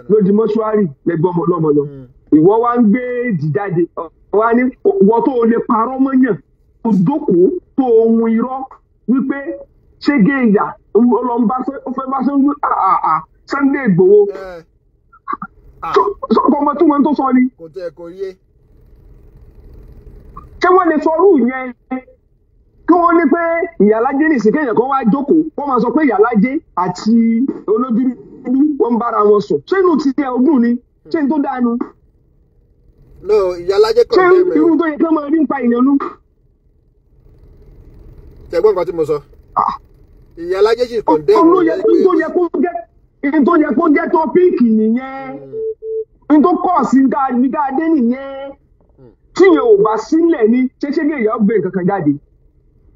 lójú mọ́ṣúárì lẹ́gbọ́n ọmọ ọlọ́mọ lọ hmm. ìwọ wá ń gbé dìjáde wọ́n tó lè parọ́ mọ́yàn tó dókòó tó ohun irọ́ wípé ṣége ìyà ọlọ́mba ó fẹ́ bá sẹ́ńdú àà ah, ah, ah, Sunday Igboho eh, sọ́kọ̀ ọmọ tí wọ́n tó sọ ni. kò tẹ kò yé. ṣé wọ́n lè sọrú yẹn kí wọ́n ní pé ìyàlájé ní ìsìnkú èèyàn kan wá jókòó wọ́n máa sọ pé ìyàlájé àti olójúdú wọ́n ń bára wọn sùn ṣé inú ti ẹ ogún ni ṣé n tó dáa nu. no ìyàlájé kọ̀ ọ́ bẹ́ẹ̀ mẹ́rin. ṣé irú tó yẹ kí wọ́n máa rí nípa ìyànnú tẹ̀gbọ́n nǹkan tí mo sọ. ìyá alájẹ́ sì kàn dé. ọ̀hún ló yẹ kó yẹ kó jẹ́ ní tó yẹ kó jẹ́ tọ́píìkì nìyẹn hmm. ní tó kọ̀ sí dáadé nìyẹn hmm. tíyẹn ò bá sílẹ̀ ní ṣéṣégbé ìyá ọgbẹ́ nǹkan kan jáde.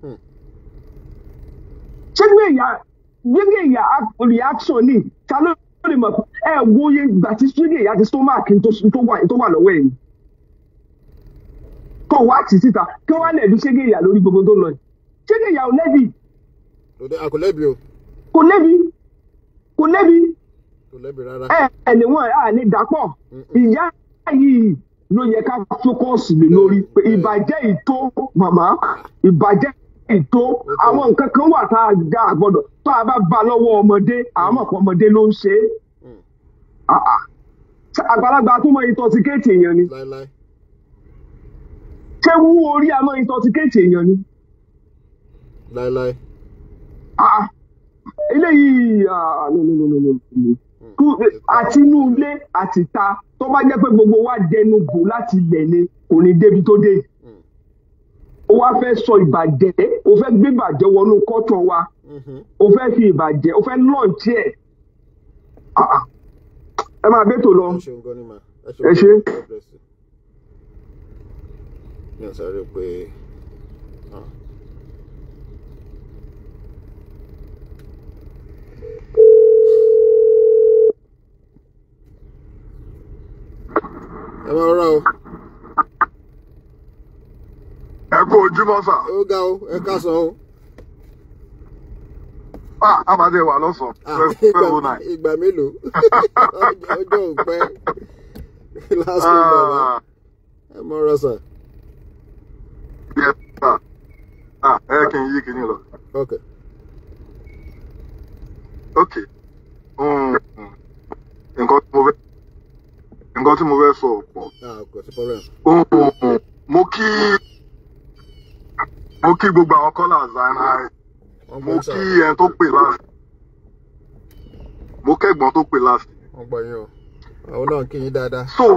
Hmm. ṣégbé ìyá gbégbé ìyá reaction ni ta ló lè mọ̀ ẹ wo iye ìgbà tí ṣégbé ìyá ti stomach tó wà lọ́wọ́ ẹ̀ kọ̀ wá tì síta kí wọ́n á lẹ̀ bí ṣégbé ìyá lórí gbogbo tó lọ yìí ṣé ìyá ò lẹ́bi. kò lẹ́bi o. kò lẹ́bi kò lẹ́bi. kò lẹ́bi rárá. ẹ ẹ níwọ̀n a ní dàpọ̀ ìyá yìí ló yẹ ká fókọ̀sì lé lórí ìbàjẹ́ ìtó màmá ìbàjẹ́ ètò àwọn nǹkan kan wà tá a dá a gbọ́dọ̀ tó a bá bá lọ́wọ́ ọmọdé àwọn ọ̀pọ̀ ọmọdé ló ń ṣe é mm. ah, ah. àgbàlagbà tó mọ intoxicate èèyàn ni ṣé wú orí àmọ́ intoxicate èèyàn ni láéláé. eléyìí àti inú ilé àti ta tó bá jẹ́ pé gbogbo wa dẹnu bò láti lẹ̀ ni kò ní débi tó dé ó wá fẹ́ sọ ìbàjẹ́ ó fẹ́ gbé ìbàjẹ́ wọnú kọ́tọ̀ wa ó mm-hmm. fẹ́ fi ìbàjẹ́ ó fẹ́ lọ́ọ̀tì ẹ̀ ah, ah. ẹ máa bẹ́tò lọ ẹ ṣe. ẹ ṣe. ojúmọ́ sà. ó ga o ẹ ká sọ o. a máa dé wà lọ́sàn-án fẹ́ wo náà. ìgbà mélòó [laughs] ọjọ́ ò pẹ́ lásìkò bàbá ẹ mọ ọ̀rọ̀ sà. ẹ kì í yí kìíní lọ. ok. ok. Hmm. nǹkan tí mo fẹ́ nǹkan tí mo fẹ́ sọ ọ̀pọ̀. Hmm, mo kí mo kí gbogbo àwọn callers ara ẹ̀ mo kí ẹni tó pè last mo kẹ́gbọ́n tó pè last. wọ́n gbọ́ o àwọn náà kí yín dáadáa. so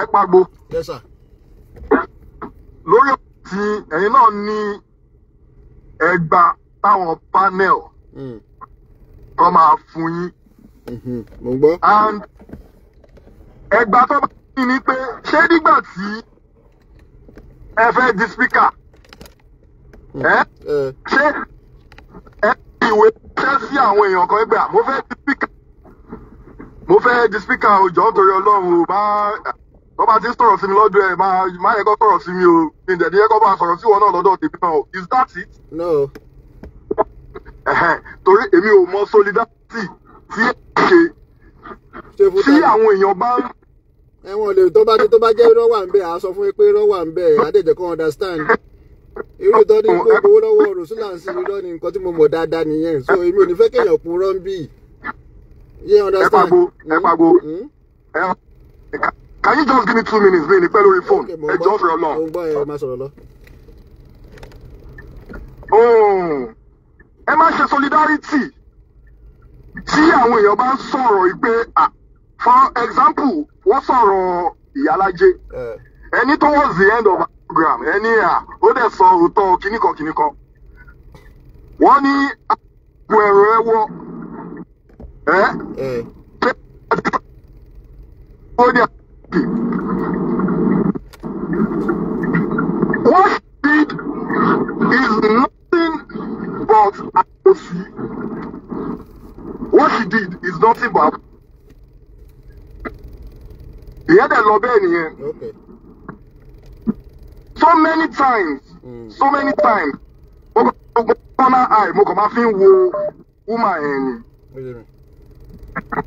ẹ pagbo. yes sir. lórí ti ẹ̀yin náà ní ẹgbà táwọn panel kọ́ hmm. máa fún yín. Mm-hmm. mo gbọ́. and ẹgbà tó bá yín ni pé ṣé nígbà tí ẹ fẹ́ di spíkà mm. ṣé ẹ ìwé ṣẹ́ sí àwọn èèyàn kan ẹgbẹ́ mo fẹ́ di spíkà mo fẹ́ di spíkà òjò torí ọlọ́run o máa tó bá ti ń sọ̀rọ̀ sí mi lọ́dọ̀ ẹ̀ máa yẹ kó sọ̀rọ̀ sí mi o ní ìdẹ̀ni yẹ kó bá sọ̀rọ̀ sí wọn náà lọ́dọ̀ tèmi náà o is that it? no. torí èmi ò mọ solidarity tí ẹ ṣe tí àwọn èèyàn bá ń ẹ̀wọ̀n lè tó bá tó bá jẹ́ irọ́ wà ń àá sọ fún yín pé irọ́ wà ń bẹ̀ kan understand irú ìtọ́ ní ipò gbowó lọ́wọ́ rosula ń sin irọ́ ni nǹkan tí mo mọ̀ dáadáa nìyẹn so èmi ò ní fẹ́ kéèyàn kun rán bí yé understand. ẹ pàgbo ẹ pàgbo hmm? hmm? can you just give me two minutes mi ní pẹ́ lórí phone ẹ jọ́ fẹ́ ọlọ́run. mo ń gbọ́ ẹ máa sọ̀rọ̀ lọ. Oh, ẹ má ṣe solidarity tí àwọn èèyàn bá ń sọ̀rọ̀ yìí pé ah, for example wọ́n sọ̀rọ̀ ìyálájé ẹni towards the end of our program ẹni à ó dẹ̀ sọ òótọ́ kíníkan kíníkan wọ́n ní àgbo ẹ̀rọ ẹ wọ pé ó ní àgbè. What she did is nothing but What she did is nothing but ìyẹn lọ bẹ́ẹ̀ nìyẹn. so many times mm. so many times mo kàn mo kàn máa eye mo kàn máa fi ń wo woman yẹn ni.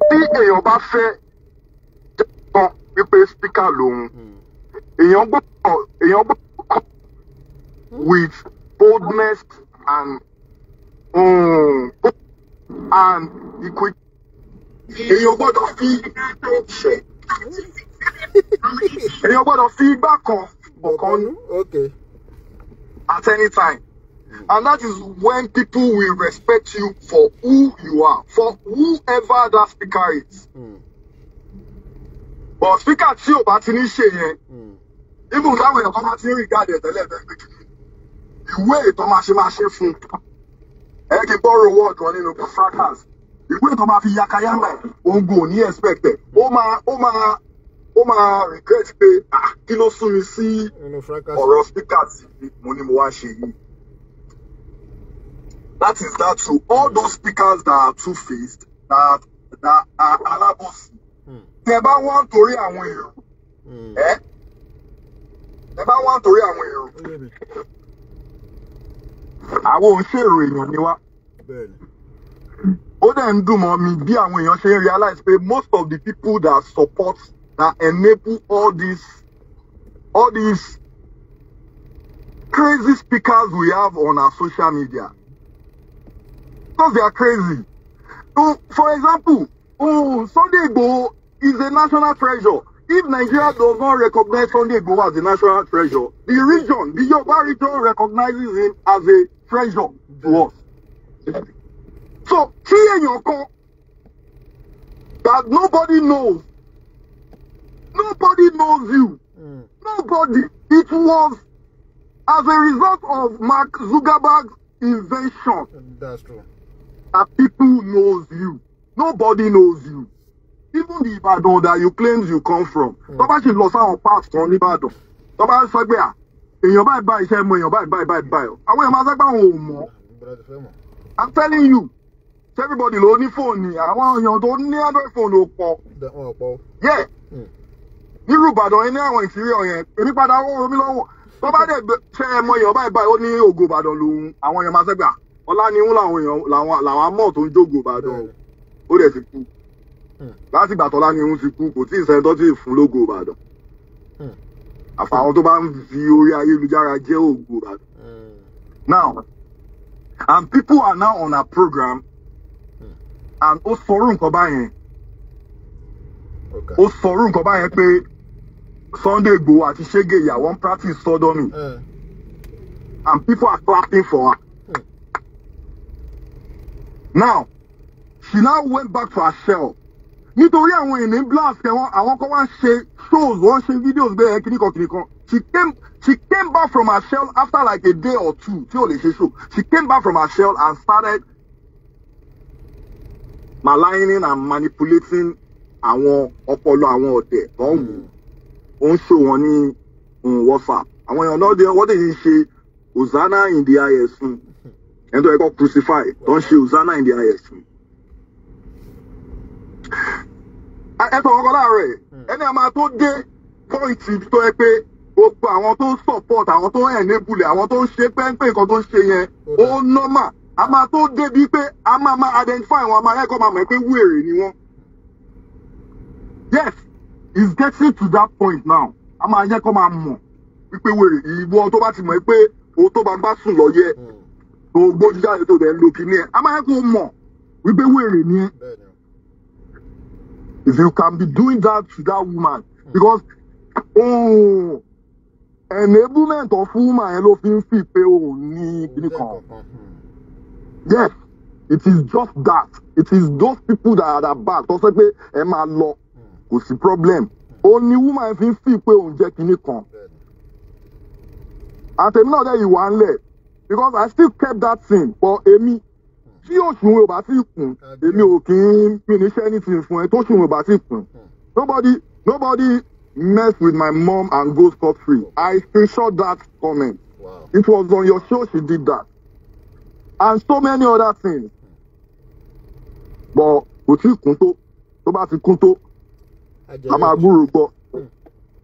tí èèyàn bá fẹ́ jẹ́ kan wípé speaker lòun hmm. èèyàn gbọ́dọ̀ èèyàn gbọ́dọ̀ come with boldness and um, and equity èèyàn gbọ́dọ̀ fi ṣe èèyàn gbọ́dọ̀ fi igbá kan bọ̀kan mm-hmm. at any time and that is when people will respect you for who you are for whoever that speaker is mm. but speaker tí ò bá ti ní ṣe yẹn mm. even that èèyàn kan bá ti ń rí ìgbàdẹ tẹ́lẹ̀ bẹ́ẹ̀ gbẹdẹ ìwé ìtọ́ máa ṣe máa ṣe fún ẹ kì í bọ́rọ̀ wọ́ọ̀dù wọn nínú fracas ìwé tó máa fi yakayanga ẹ̀ ogun ò ní expect ó máa ó máa ó máa regret pé ah kí ló sún mi sí ọ̀rọ̀ speaker mo ní mo wá ṣe yìí that is that true all those speakers that are two-faced that that are alábòsí hmm. tẹ bá wọn torí àwọn èrò hmm. ẹ ẹ bá wọn torí àwọn èrò àwọn òun èèyàn ni wá ó dẹ̀ ń dùn mọ́ mi bí àwọn èèyàn ṣe ń realize pé most of the people that support that enable all these all these crazy speakers we have on our social media because they are crazy uh, for example uh, Sunday Igboho is a national treasure if Nigeria does not recognize Sunday Igboho as a national treasure the region the Yoruba region recognizes him as a treasure to us so tí your kan that nobody knows nobody knows you mm. nobody it was as a result of Mark Zuckerberg's invention that's true. that people knows you nobody knows you even the Ìbàdàn that you claim you come from hmm. tó bá ṣe lọ sáwọn parts kan nìbàdàn tó bá sọ pé à ah, èèyàn báyìí báyìí iṣẹ́ mọ I'm telling you everybody ló ní fóònù àwọn èèyàn tó ní android phone ló pọ̀. wọn pọ̀. yẹ hmm. nírú ìbàdàn yẹn ní àwọn ìfìrí yẹn èmi padà wọ́n omi lọ́wọ́ tó bá dẹ̀ fẹ́ ẹ mọ èèyàn báyìí báyìí ó ní ògo ìbàdàn lòun àwọn èèyàn máa sẹ́gbà ọlá ni wọn làwọn èèyàn làwọn amọ̀ tó ń jógo ìbàdàn hmm. ó dẹ̀ ti kú hmm. láti ìgbà tọ́lá ni wọn ti kú kò tí ì sẹ́ńtọ́ tí ì fún lógo ìbàdàn àfàwọn tó bá ń fi orí ayélujára jẹ́ ògo ìbàdàn now and people are now on a program ó sọrú nǹkan báyẹn ó sọrú nǹkan báyẹn pé Sunday Igboho àti Shege Iya wọ́n practice sodomy uh. and people are clapping for her. Hmm. now she now went back to her cell nítorí àwọn ènìyàn blast ẹ̀wọ̀n àwọn kan wá ń ṣe shows wọ́n ṣe videos bẹ́ẹ̀ kìnnìkan kìnnìkan she came she came back from her cell after like a day or two tí ò lè ṣe show she came back from her cell and started maligning and manipulating àwọn ọpọlọ àwọn ọ̀dẹ̀ tó ń wù ó ń ṣò wọn ní mm, WhatsApp àwọn èèyàn náà dé wọ́n dè ń ṣe hosanna in the highest ẹni tó yẹ kó crucify tó ń ṣe hosanna in the highest ẹtọ ọkọ láàárọ̀ ẹ hmm. ẹni àmà tó dé pọ́ìntì tó yẹ pé gbogbo àwọn tó ń support àwọn tó ń enable àwọn tó ń ṣe pẹ́ńpẹ́ nǹkan tó ń ṣe yẹn hmm. ó normal a máa tó débi pé a máa máa identify wọn a máa rẹ́kọ̀ọ́ máa mọ̀ pé wèrè ni wọ́n. yes it's getting to that point now a máa yẹ kó máa mọ̀ wípé wèrè ìwọ tó bá ti mọ̀ pé o tó bá ń bá sùn lọ yẹ hmm. tó gbójú jáde tó dẹ̀ ń lo kíní ẹ̀ a máa yẹ mọ̀ wípé wèrè ni ẹ. if you can be doing that to that woman because oh, enablement of woman ẹ ló fi ń fi pé òun ní kíní kan. Hmm yes it is just that it is those people that are at back tó sọ pé ẹ máa lọ kò sí problem ó ní woman fi ń fi pé òun jẹ́ kinní kan àtẹ̀mí náà dẹ̀ ìwà ńlẹ̀ because I still kept that thing for èmi tí òṣùwọ̀n ò bá ti kùn èmi ò kì í mi níṣẹ́ ní ti fún ẹ tó òṣùwọ̀n ò bá ti kùn nobody nobody mess with my mom and go scot free I screenshot that comment wow. it was on your show she did that and so many other things but kò tí Kunto, nobody Kunto, I'm a guru. gbúrò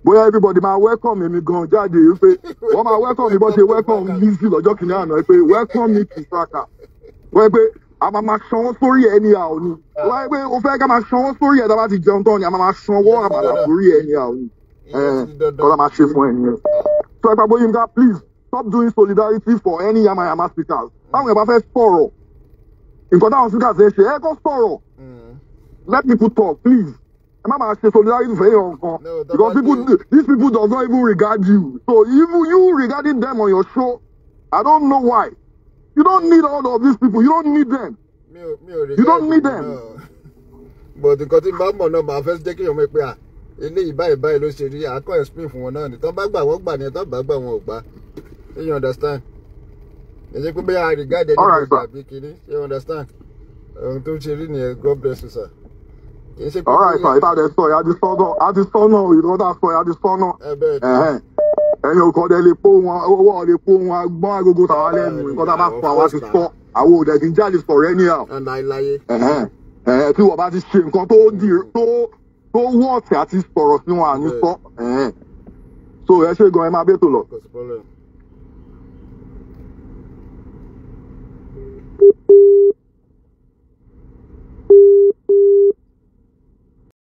gbọ́ hmm. everybody my welcome èmi gan You say, wọ́n my welcome mi bó ṣe welcome Lizzy lọ́jọ́ kìíní àná wípé welcome me to Saka wọ́n "I'm a máa máa sanwó sórí ẹ ní àwọn ni ah. wọ́n pé o fẹ́ ká máa sanwó sórí a bá ti jẹun a máa máa sanwó àmàlà sórí ẹ ní àwọn eh, kọ́lá máa ṣe fún ẹ ah. please stop doing solidarity for any yamayama speakers báwọn ẹ̀bá fẹ́ sọ̀rọ̀ nǹkan táwọn speakers ẹ ṣe ẹ kọ́ sọ̀rọ̀ mm. let people talk please ẹ má máa ṣe solidarity fẹ́ yàn kan because people these people does not even regard you so even you regarding them on your show I don't know why you don't need all of these people you don't need them you don't need them. [laughs] but nǹkan tí màá mọ̀ náà màá fẹ́ jẹ́ kí èèyàn mọ̀ pé à eléyìí báyìí báyìí ló ṣe rí àkọ́ explain fún wọn náà ni bá gbà wọ́n gbà ni tán bá gbà wọn ò gbà you understand ẹ jẹ́ pé bẹ́ẹ̀ I regard ẹni tó dàbí kiri you understand ohun tó ṣe rí nìyẹn God bless you sir. ọ̀rọ̀ ìfà ìtàdé sọ ẹ̀ adisọ́nà adisọ́nà ìrọ́dà sọ ẹ̀ adisọ́nà ẹ̀yìn òkò ọ̀dẹ lè pó wọn owó ọ̀dẹ pó wọn agbọ́n agogo tàwa lẹ́nu nǹkan tá a bá fọ àwa ti sọ àwọn òdẹ kì í jáde sọ̀rọ̀ ẹ̀ níyà tí wọ́n bá ti ṣe nǹkan tó wọ́ọ̀tì àti sọ̀rọ̀ sí wọn àní sọ so ẹ ṣe gan ẹ máa bẹ́tò lọ. Beep beep.